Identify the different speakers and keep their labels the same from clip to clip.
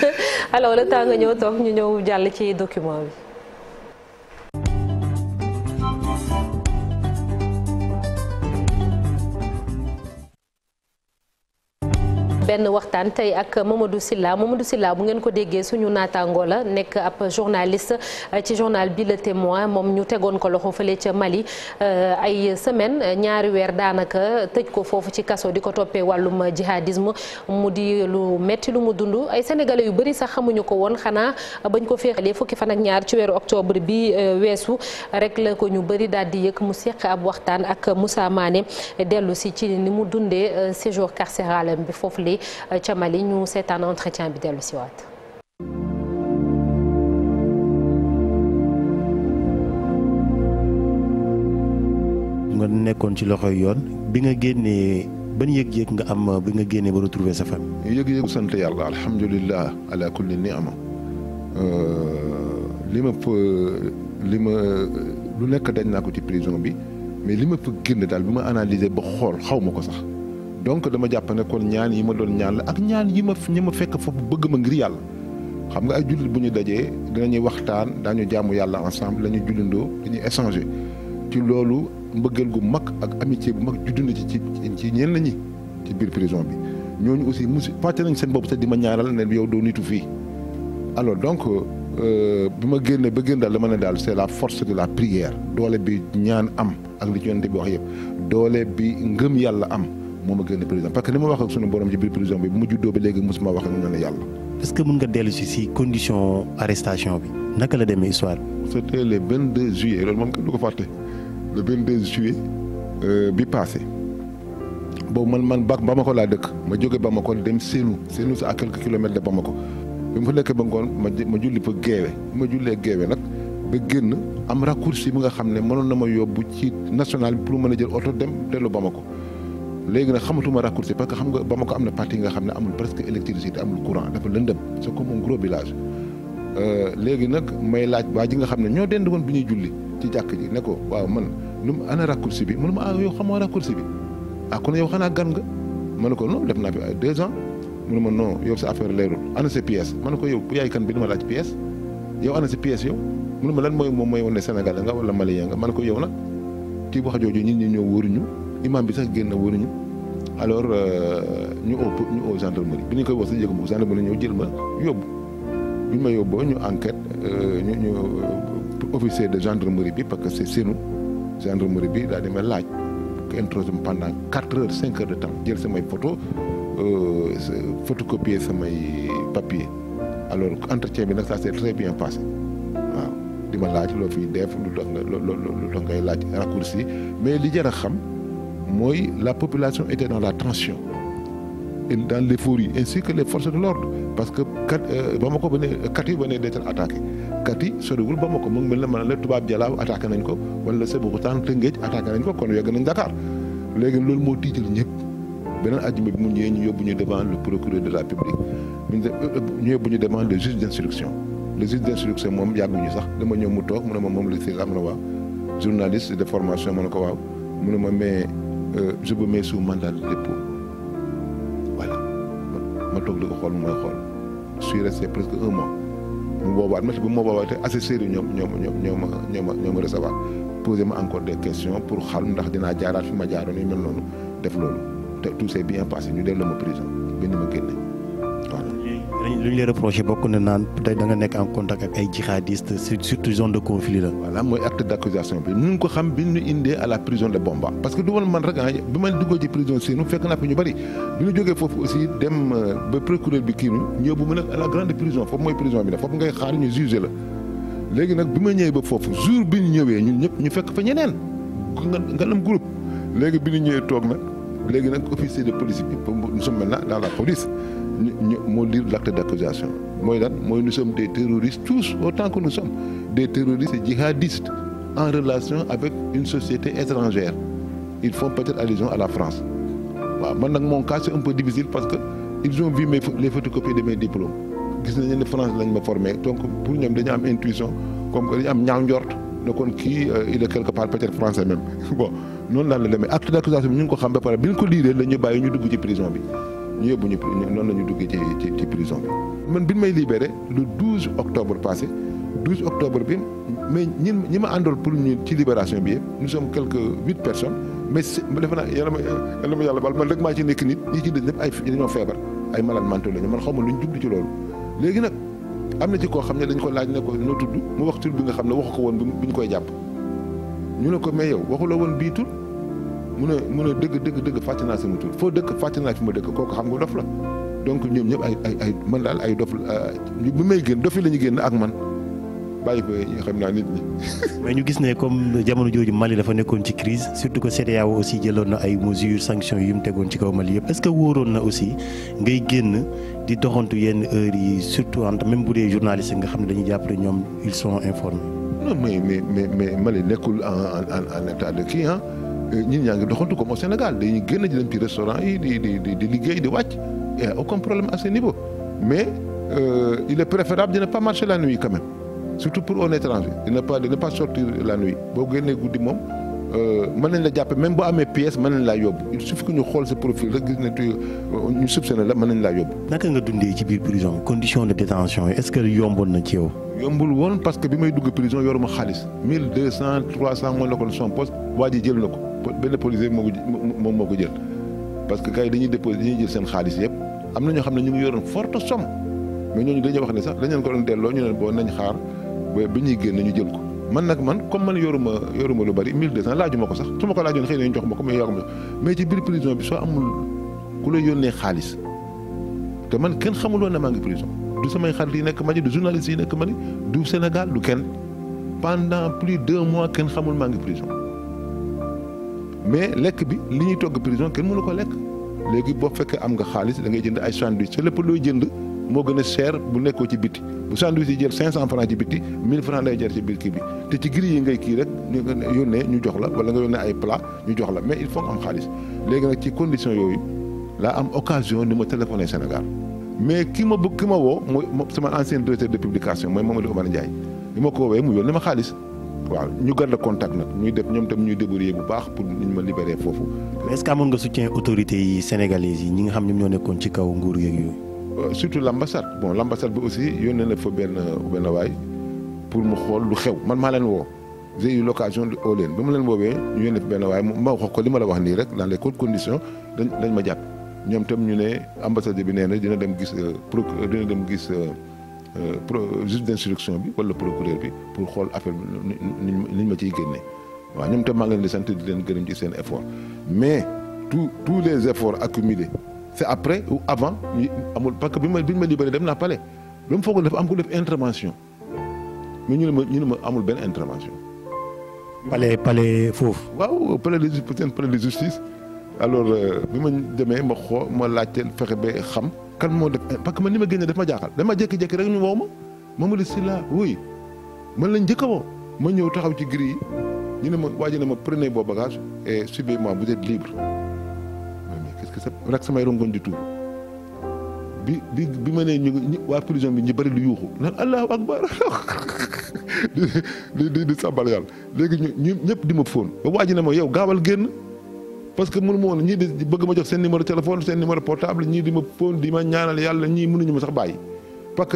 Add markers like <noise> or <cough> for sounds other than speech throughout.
Speaker 1: <laughs> alors le temps nga ñëw toog ñu ñëw jàll ci document bi. benn waxtaan tey ak Mamadou Sylla Mamadou Sylla bu ngeen ko déggee suñu naataangoo la nekk ab journaliste euh, ci journal bi Le Témoin moom ñu tegoon ko loxo fële ca Mali euh, ay semaine ñaari weer daanaka tëj ko foofu ci kaso di ko toppee wàllum jihadisme mu di lu metti lu mu dund ay sénégalais yu bëri sax xamuñu ko woon xanaa bañ ko féexalee fukki fan ak ñaar ci weeru octobre bi euh, weesu rek la ko ñu bëri daal di yëg mu seq ab waxtaan ak Moussa Mané dellu si ci ni mu dundee séjour carcéral bi Euh, ca Mali ñu seetaan entretien bi dellu si waat.
Speaker 2: nga nekkoon ci loxoy yoon bi nga génnee ban yëg-yëg nga am bi nga génnee ba retrouver sa famille.
Speaker 3: yëg-yëg sant yàlla alhamdulilah ala kulli ni'ma euh, li ma fa li ma lu nekk daj naa ko ci prison bi mais li ma fa génn daal bi ma analyser ba xool xaw ma ko sax. donc dama jàpp ne kon ñaan yi ma doon ñaan la ak ñaan yi ma ñi ma fekk foofu bëgg ma ngir yàlla xam nga ay jullit bu ñu dajee ñuy waxtaan daañu jaamu yàlla ensemble dañuy jullandoo dañuy échanger ci loolu mbëggeel gu mag ak amitié bu mag juddu na ci ci ci ñenn ñi ci biir prison bi ñooñu aussi mu fàtte nañ seen bopp sax di ma ñaaral ne yow doo nitu fii alors donc euh, bi ma génne ba génn daal dama ne daal c'est la force de la prière doole bi ñaan am ak li ci yonent bi wax yëpp doole bi ngëm yàlla am moom ma génne prison parce que li ma wax ak sunu borom ci biir prison bi bu ma juddoo ba wax ak ñoom ne yàlla. est que mën nga dellu si si condition arrestation bi naka la demee histoire bi. c'était le 22 juillet loolu moom kenn du ko fàtte le 22 euh, bi passé boobu man man ba ba Bamako laa dëkk ma jóge Bamako dem Sénou Sénou c'est à quelques kilomètres de Bamako bi mu fa nekkee ba ngoon ma ma julli fa Guéwé bi ma jullee Guéwé nag. ba génn am raccourci bi nga xam ne mënoon na ma yóbbu ci national bi pour mën a jël oto dem dellu Bamako léegi nag xamatuma raccourci parce que xam nga Bamako am na partie nga xam ne amul presque électricité amul courant dafa lëndëm c'est comme un gros village euh, léegi nag may laaj waa ji nga xam ne ñoo dend woon bu ñuy julli ci jàkk ji ne ko waaw man lu mu ana raccourci bi mënuma ah yow xamoo raccourci bi ah kon yow xanaa gan nga ma ne ko non def naa fi ay euh, deux ans mu ne ma yow sa affaire leerul ana sa pièce ma ne ko yow yaay kan bi dama laaj pièce yow ana sa ma lan mooy moom mooy wane Sénégal nga wala Malien nga ma ne ko yow nag ci wax jooju nit ñi ñoo wóoruñu imam bi sax génn wóoruñu alors euh, ñu oo ñu oo gendarmerie bi ñu koy wax sax yëgu ma ko gendarmerie ñëw jël ma yóbbu bi ñu ma yóbboo ñu enquête euh, ñu ñu euh, officier de gendarmerie bi parce que c'est seenu gendarmerie bi daal di ma laaj introsé pendant quatre heures cinq heures de temps jël samay photo photocopier samay papier alors entretien bi nag ça s'est très bien passé waaw di ma laaj loo fiy def lu tax nga loo loo loo tax ngay laaj raccourci mais li jar a xam. mooy la population était dans la tension et dans l'euphorie ainsi que les forces de l'ordre parce que kat euh, Bamako ba ne Kati ba ne d'être attaqué Kati soriwul Bamako mu ngi mel ne ma ne tubaab jalaaw attaqué nañ ko wala Sébikotane Tëngéej attaqué nañ ko kon yegg nañ Dakar léegi loolu moo tiital ñëpp beneen àjjuma bi mu ñëwee ñu yóbbu ñu devant le procureur de la République euh, ñu yóbbu ñu devant le juge d'instruction le juge d'instruction moom yàgguñu sax dama ñëw mu mu ne ma moom la si am na waa ma ne ko waaw mu ne euh, je me mets sous mandat de dépôt voilà ma toog di ko xool mooy xool suis resté presque un mois mu boobaat ma bu ma boobaatee assesseur yi ñoom ñoom ñoom ñoo ma ñoo ma ñoo ma recevoir posé ma encore des questions pour xam ndax dinaa jaaraat fi ma jaaroon yu mel noonu def loolu te tout s'est bien passé ñu delloo ma prison benn ma génne. lu ñu lay reproché bokk na naan peut-être da nga nekk en contact ak ay jihadistes surtout zone de conflit la. voilà mooy acte d'accusation bi ñu ko xam bi ñu indee à la prison de Bomba parce que du man man rek ah bi ma duggoo ci prison Sénou fekk naa fi ñu bari bi ñu jógee foofu aussi dem euh, ba procureur bi kii nu ñëw bu ma nag à la grande prison foofu mooy prison bi nag foofu ngay xaar ñu jugé la léegi nag bi ma ñëwee ba foofu jour bi ñu ñëwee ñun ñëpp ñu fekk fa ñeneen nga nga am groupe bi ñu ñëwee toog nag léegi nag officier de police bi ñu moo lire l' acte d' accusation mooy lan mooy nous sommes des terroristes tous autant que nous sommes des terroristes et djihadistes en relation avec une société étrangère ils font peut-être à la France waaw man nag mon cas c'est un peu difficile parce que ils ont vu mes les photocopies de mes diplômes gis nañu ne France lañ ma formé donc pour ñoom dañu am intuition comme que dañu am ñaaw njort ne kon kii euh, il est quelque part peut-être français <laughs> bon noonu laa ñu ngi ko xam ba ñu yóbbu ñu noon la ñu duggee ci ci ci prison bi. man bi may libéré le 12 octobre passé 12 octobre bi mais ñi ñi ma àndoon pour ñu ci libération bi yëpp nous sommes quelques huit mais si defe naa yàlla ma yàlla ma yàlla man rek maa ci nekk nit ñi ci des ñëpp ay dañoo feebar ay malades mentaux man xaw ma lu ñu jublu ci loolu léegi nag. am na ci koo xam ne dañ ko laaj ne ko noo tudd mu wax tur bi nga xam ne waxu ko woon bi ñu koy jàpp ñu ne ko may yow waxuloo woon bii tur mun a mun a dëgg dëgg dëgg fàtte naa sama tur foo dëkk fàtte naa fi ma dëkk kooku xam nga dof la donc ñoom ñëpp ay ay ay man daal ay dof bi may génn dof yi la ñu génn ak man bàyyi ko xam naa nit ñi. <laughs> ñu gis
Speaker 2: ne comme jamono jooju Mali dafa nekkoon ci crise surtout que CEDEAO aussi jëloon na ay mesures sanctions yu mu tegoon ci kaw Mali yëpp est-ce que wóoroon na ngay génn di doxantu yenn heures yi surtout en même bu dee journaliste
Speaker 3: nga xam ne dañuy jàpp ñoom ils son informés. non mais mais mais Mali nekkul en en en état kii ah. ñi ñaa ngi doxantu comme au Sénégal dañuy génn di dem restaurant yi di di di liggéey di wàcc il y a aucun problème à ce niveau mais euh, il est préférable de ne pas marcher la nuit quand même surtout pour un étranger de pas de la nuit boo génnee guddi moom euh, mën nañ la jàppe même boo amee pièce mën nañ laa yóbbu il suffit que ñu xool sa profil rek gis ne tu ñu soupçonné la mën nañ laa yóbbu. naka nga dundee ci biir prison condition de
Speaker 2: détention yi est-ce que yomboon
Speaker 3: bi may dugg prison yoruma xaalis mille deux cent trois cent moo nekkoon son poste waa ji jël ko. benn policier moo ko moo ko jël parce que kay dañuy déposé dañuy jël seen xaalis yëpp am na ñoo xam ne ñu ngi yoroon forte somme mais ñooñu dañuy wax ne sax dañ leen ko doon delloo ñu ne boo nañ xaar ba bi ñuy génn ñu jël ko man nag man comme man yoruma lu bari 1200 ko sax su ma ko laajoon xëy na ñu jox ma ko mais yor mais ci biir prison bi soo amul ku la yónnee xaalis te man kenn xamuloon ne maa ngi prison du samay xarit yi nekk Mali du journaliste yi nekk Mali du Sénégal du kenn pendant plus de deux mois kenn xamul maa ngi prison. mais lekk bi li ñuy togg prison kenn mënu ko lekk léegi boo fekkee am nga xaalis da ngay jënd ay sandwich sa lépp looy jënd moo gën a cher bu nekkoo ci biti bu sandwich yi jël 500 francs ci biti 1000 francs lay jar ci biir kii bi te ci gris yi ngay kii rek ñu yónnee ñu jox la wala nga yónnee ay plat ñu jox la mais il faut nga am xaalis léegi nag ci condition yooyu laa am occasion ni ma téléphoné Sénégal mais kii ma bëgg ki ma woo mooy sama ancien directeur de publication mooy Mamadou ma ko woowee mu yónnee ma xaalis waaw ñu garde contact nag ñuy def ñoom tam ñuy bu baax pour ñu ma libérer foofu.
Speaker 2: mais est-ce que amoon nga soutien
Speaker 3: autorités yi
Speaker 2: sénégalaises yi ñi nga xam ñoom ñoo nekkoon ci kaw nguur yeeg yooyu.
Speaker 3: Euh, bi aussi yónnee na fa benn benn waay pour man maa leen woo. j'ai eu l'occasion de oo leen ba ñu yónnee benn waaye ma wax li ma la wax nii rek dans les conditions dañ dañ ma jàpp tam ñu ne ambassadeur bi nee na dina dem gis euh, procureur dina dem gis. Euh, Euh, juge d'instruction bi wala procureur bi pour xool affaire bi ni ma ciy génne waaw ñoom tam maa ngi leen di sant di leen gërëm ci seen effort mais tous tous les efforts accumulés c'est après ou avant amul parce que bi ma bi ñu ma libéré dem naa pale lu mu foogoon dafa am ko def intervention mais ñu ne ma ñu ma amul benn intervention. pale pale foofu. waaw pale de peut-être pale de justice alors euh, bi ma demee ma xoo ma laajte fexe ba xam. kan moo def parce que ma ni ma génne daf ma jaaxal dama jékki jekki rek ñu woo ma Mamadou Sylla wuy man lañ njëkk a woo ma ñëw taxaw ci gris yi ñu ne ma waa ji ne ma prenez vos bagages et suivez-moi vous êtes libre mais rek samay rongoñ di tuur bi bi bi ma nee ñu ngi waa prison bi ñu bëri lu yuuxu naan allahu akbar <laughs> di di di sàbbal yàlla léegi ñu ñëpp di ma fóon ba waa ne ma yow gaawal génn. parce que mënu ma woon ñii di bëgg ma jox seen numéro téléphone seen numéro portable ñii di ma pon di ma ñaanal yàlla ñii mënuñu ma sax bàyyi parce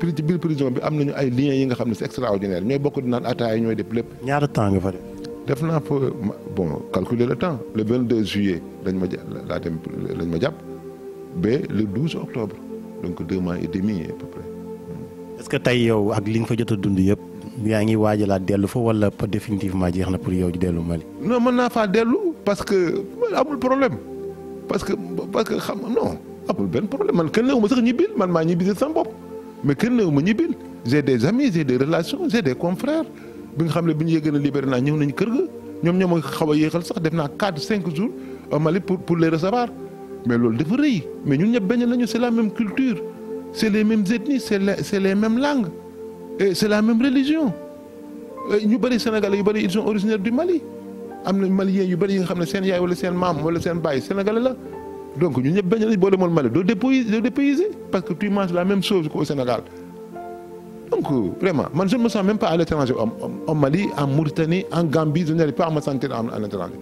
Speaker 3: que prison bi am nañu ay liens yi nga xam ne c'est extraordinaire ñooy bokk di naan ataaya ñooy def lépp. ñaata temps nga fa def. naa fa le temps le 22 juillet ma laa dem lañ ma jàpp ba le 12 octobre donc deux mois et demi à peu près.
Speaker 2: est que tey yow ak li nga fa jot a dund yëpp yaa ngi waajalaat dellu fa wala
Speaker 3: définitivement
Speaker 2: jeex na pour yow ji dellu Mali.
Speaker 3: non mën naa faa dellu parce que amul problème parce que parce que xam non amul benn problème man kenn néew ma sax ñibbil man maa ñibbil sama bopp mais kenn néew ma ñibbil j'ai des amis j'ai des relations j'ai des confrères bi nga xam ne bi ñu yëgee na libéré naa ñëw nañu kër ga ñoom ñoo ma xaw a yéexal sax def naa quatre cinq jours a Mali pour pour les recevoir mais loolu dafa rëy mais ñun ñëpp benn lañu c'est la même culture c'est les mêmes ethnies c'est les c'est les mêmes langues et c'est la même religion ñu bëri Sénégalais yu bëri ils sont originaires am na malien yu bëri yi nga xam ne seen yaay wala seen maam wala seen baay sénégalais la donc ñun ñëpp benn lañ boo demoon Mali doo dépaysé parce que tu manges la même chose qu'au Sénégal donc vraiment man je ne me sens même pas à l'étranger en en Mali en Mauritanie en Gambie je pas à me sentir à l'étranger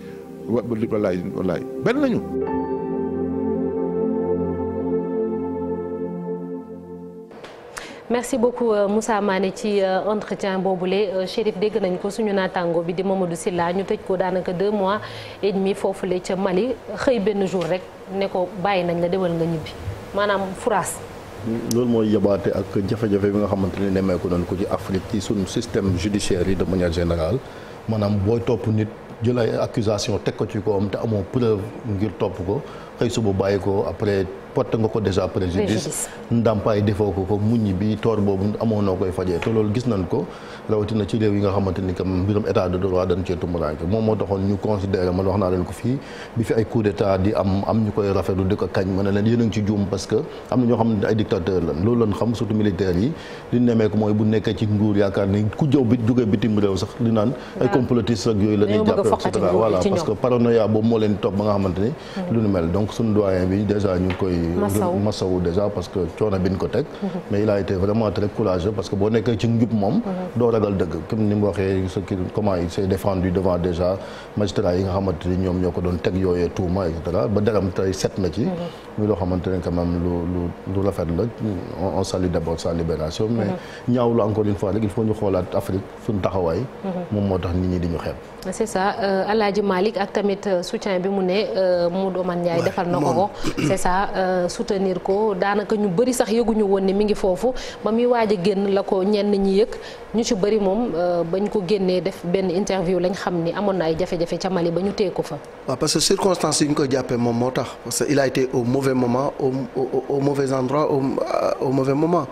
Speaker 3: wa wallaay wallaay
Speaker 1: merci beaucoup euh, Moussa Mané ci euh, entretien boobule euh, Chérif dégg nañ ko suñu naataango bi di Mamadou silla ñu tëj ko daanaka deux mois et foofu foofule ca Mali xëy benn jour rek ne ko bàyyi nañ la demal nga ñibbi maanaam furaas.
Speaker 4: loolu mooy yabaate ak jafe-jafe bi nga xamante ne nemmeeku nañ ko ci Afrique ci suñu système judiciaire yi de manière générale maanaam booy topp nit jël ay accusation teg ko ci ko kawam te amoo preuve ngir topp ko. xëy suba bàyyi ko après porte nga ko déjà préjudice ndàmpaay defoo ko ko muñ bi toor boobu amoon noo koy fajee te loolu gis nañ ko rawatina ci réew yi nga xamante ni que état de droit dañ cee tumuraanke moom moo taxoon ñu considéré man wax naa leen ko fii bi fi ay coup d'état di am am ñu koy rafetlu di ko kañ ma ne leen yéen ci juum parce que am na ñoo xam ne ay dictateur lañ loolu lañ xam surtout militaires yi li nemee ko mooy bu nekkee ci nguur yaakaar donc suñu doyen bi déjà ñu koy masawu déjà parce que coono bi ko teg mhm. mais il a vraiment très courageux parce que boo nekkee ci njub moom mhm. doo ragal dëgg comme ni mu waxee ce qui comment il s'est défendu devant déjà magistrat yi nga xamante ñoom ñoo ko doon teg yooyee tuuma et ba deram tey set na ci mhm. muy loo xamante ne quand lu lu rafet la on salue d'abord sa libération mais ñaawlu encore une fois rek il faut ñu xoolaat Afrique suñu taxawaay moom moo
Speaker 1: defal na ko ko <coughs> c'est ça euh, soutenir ko daanaka ñu bari sax yëguñu woon ni mi ngi foofu ba muy waaj a génn la ko ñenn ñi yëg ñu ci bari moom euh, bañ ko génnee def benn interview lañ xam ni amoon na ay jafe-jafe ca Mali ba ñu téye ko fa.
Speaker 5: waaw parce que circonstances yi ñu ko jàppee moom moo tax parce que il a été au mauvais moment au au, au mauvais endroit au, euh, mauvais moment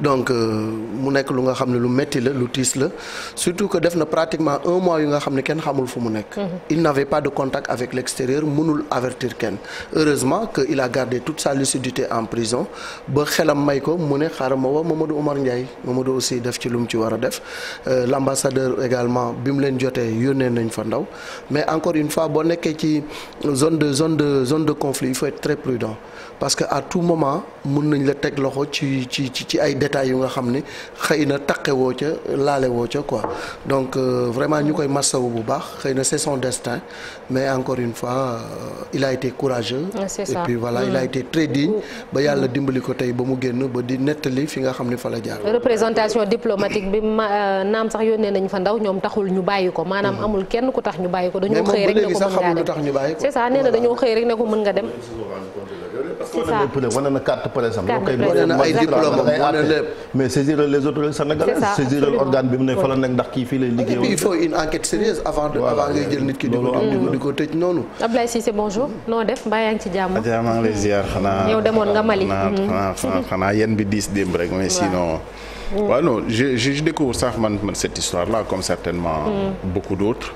Speaker 5: donc mu nekk lu nga xam ne lu metti la lu tiis la surtout que def na pratiquement un mois yu nga xam ne kenn xamul fu mu nekk. Mhm. kenn heureusement que il a gardé toute sa lucidité en prison ba xelam may ko mu ne xaaral ma woo Mamadou Oumar Ndiaye Mamadou aussi def ci lu mu ci war a def euh, l' ambassadeur également bi mu leen jotee yónnee nañ fa ndaw mais encore une fois boo nekkee ci zone de zone de zone de conflit il faut être très que à tout moment mun nañ la teg loxo ci ci ci ay détails yu nga xam ni xëy na taqewoo ca laalewoo ca quoi donc euh, vraiment ñu koy massawu bu baax xëy na saison son destin mais encore une fois euh, il a été courageux jeu. Ah, et puis voilà il a hmm. été très digne ba yàlla dimbali ko tey ba mu génn ba di nettali fi nga xam ne fa la jaar.
Speaker 1: représentation diplomatique bi ma euh, naam sax yónnee nañ fa ndaw ñoom taxul ñu bàyyi ko maanaam hmm. amul kenn ku tax ñu bàyyi ko. dañoo xëy rek ne ko mën ngaa dem
Speaker 4: mais ko. c'est
Speaker 1: ça dañoo xëy rek ne ko mën nga dem.
Speaker 4: wane mais saisir les autorités sénégalaises saisir organe bi mu ne fa nekk ndax kii fii lay liggéey il faut une enquête
Speaker 6: sérieuse avant nit di ko di ko tëj noonu
Speaker 1: Ablaye Cissé bonjour noo def mbaa yaa ngi ci jàmm a
Speaker 6: maa ngi xanaa yow demoon
Speaker 1: nga Mali xanaa
Speaker 6: xanaa bi diis démb rek mais sinon waaw non je je découvre sax man man cette histoire là comme certainement. Mm. beaucoup d'autres.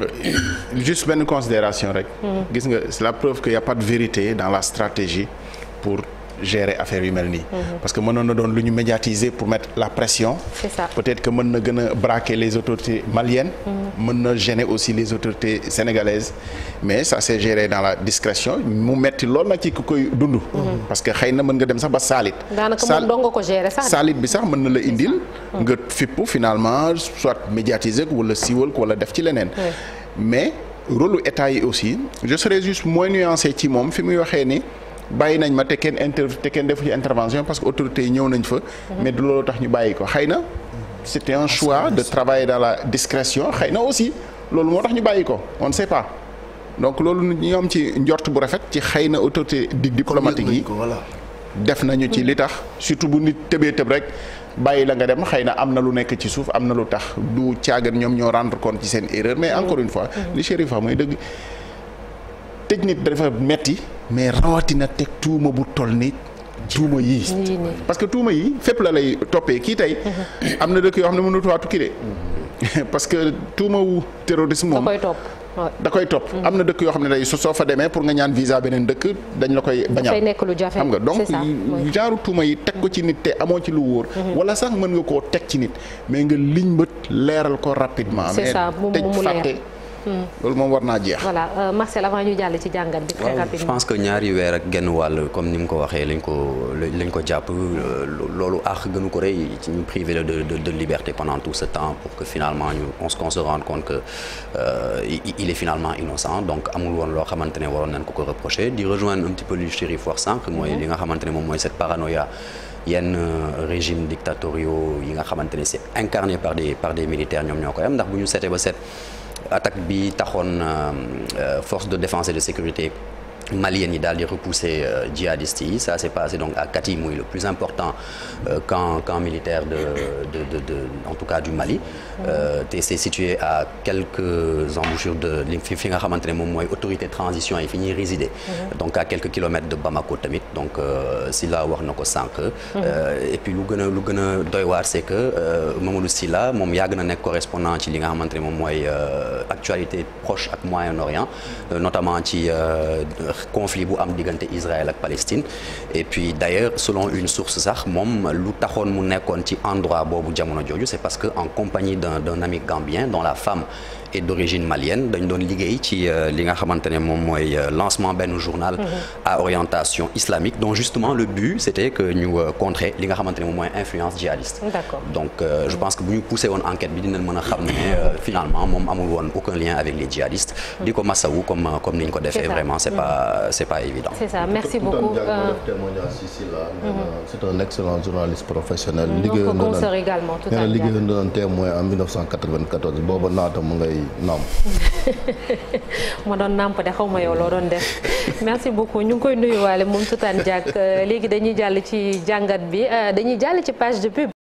Speaker 6: Euh, <clears throat> juste benn considération rek. Mm. gis nga c'est la preuve que y a pas de vérité dans la stratégie pour. gérer affaire yu mel nii. Mhm. parce que mënoon na doon lu ñu médiatiser pour mettre la pression. c'est ça peut-être que mën na gën a braquer les autorités maliennes. Mhm. mën na gêner aussi les autorités sénégalaises mais ça s'est géré dans la discrétion mu metti lool na ci koy dund. Mhm. parce que xëy na mën nga dem sax ba saalit. saalit bi sax mën na la indil. nga fippu finalement soit médiatiser ko wala siiwal def ci leneen. mais rôle état yi aussi je serais juste moins nuancé bàyyi nañ ma te kenn inter kenn defu ci intervention parce que autorité yi ñëw nañ fa. Mhm. mais du loolu tax ñu bàyyi ko xëy na. c'était un choix de travailler dans la discrétion xëy na aussi loolu moo tax ñu bàyyi ko on ne pas donc loolu ñu am ci njort bu rafet ci xëy na autorité di diplomatique yi def nañu ci mhm. li tax surtout bu nit tëbee tëb rek bàyyi la nga dem xëy na am na lu nekk ci suuf am na lu tax du caagan ñoom ñoo rendre compte ci seen erreur mais mhm. encore une fois li Chérif tëj nit dafa metti mais rawatina teg tuuma bu toll ni tuuma yii parce que tuuma yi fépp la lay toppee kii tey <laughs> am na dëkk yoo xam ne mënut a tukki de <laughs> parce que tuuma wu terrorisme moom da koy topp mm. na dëkk yoo xam ne day soo fa demee pour nga ñaan visa beneen dëkk dañ la koy bañal xam nga donc genre tuuma yi teg ko ci nit te amoo ci lu wóor mm-hmm. wala sax mën nga koo teg ci nit mais nga liñ bët leeral ko rapidement mais tëj fàtte Hmm. loolu moom war naa jeex.
Speaker 1: voilà euh, Marcel avant ñu jàll ci jàngat bi. très rapidement je pense
Speaker 7: que ñaari weer ak genn wàll comme ni nga ko waxee lañ ko lañ ko jàpp euh, loolu aax gënu ko rëy ci ñu privé de de liberté pendant tout ce temps pour que finalement ñu on se on se rende compte que euh, il est finalement innocent donc amul woon loo xamante ne waroon nañ ko ko reprocher di rejoindre un petit peu lu Chérif wax mooy mhm. li nga xamante moom mooy cette paranoïa. yenn régime dictatoriaux yi nga xamante ne c'est incarné par des par des militaires ñoom am ndax bu ñu seet attaque bi taxoon euh, euh, force de défense et de sécurité maliens yi daal di repousser euh, djihadistes yi ça s'est passé donc à Kati muy le plus important euh, camp camp militaire de de de en tout cas du Mali euh, te c'est situé quelques embouchures de fi nga xamante ne moom mooy autorité transition yi fi ñuy mhm. donc à quelques kilomètres de Bamako tamit donc Silla wax na ko sànq mhm. et lu gën a a doy waar c'est que Mamadou Silla moom yàgg na nekk correspondant ci li nga xamante ne moom mooy actualité proche ak Moyen-Orient notamment ci conflit bu am diggante Israël ak Palestine et puis d'ailleurs selon une source sax moom lu taxoon mu nekkoon ci endroit boobu jamono jooju c'est parce que en compagnie d'un d'un ami gambien dont la femme est d'origine malienne dañ doon liggéey euh, ne moom mooy euh, lancement benn journal mhm. à orientation islamique donc justement le but c'était que ñu euh, contrer li nga xamante moom mooy influence djihadiste donc euh, je pense que bu ñu poussé enquête bi dinañ mën a xam ne finalement moom amul aucun lien avec les djihadistes mhm. di comme comme ni ñu ko defee vraiment c'est mhm. pas c'est pas
Speaker 4: évident
Speaker 1: c'est ça merci beaucoup
Speaker 4: un excellent journaliste professionnel liggéeyoon na liggéeyoon en nomb
Speaker 1: <laughs> ma doon nàmp de xaw ma yow loo doon def merci beaucoup ñu ngi koy nuyuwaale moom Tutane Diak euh, léegi dañuy jàll ci jàngat bi euh, dañuy jàll ci page de pub.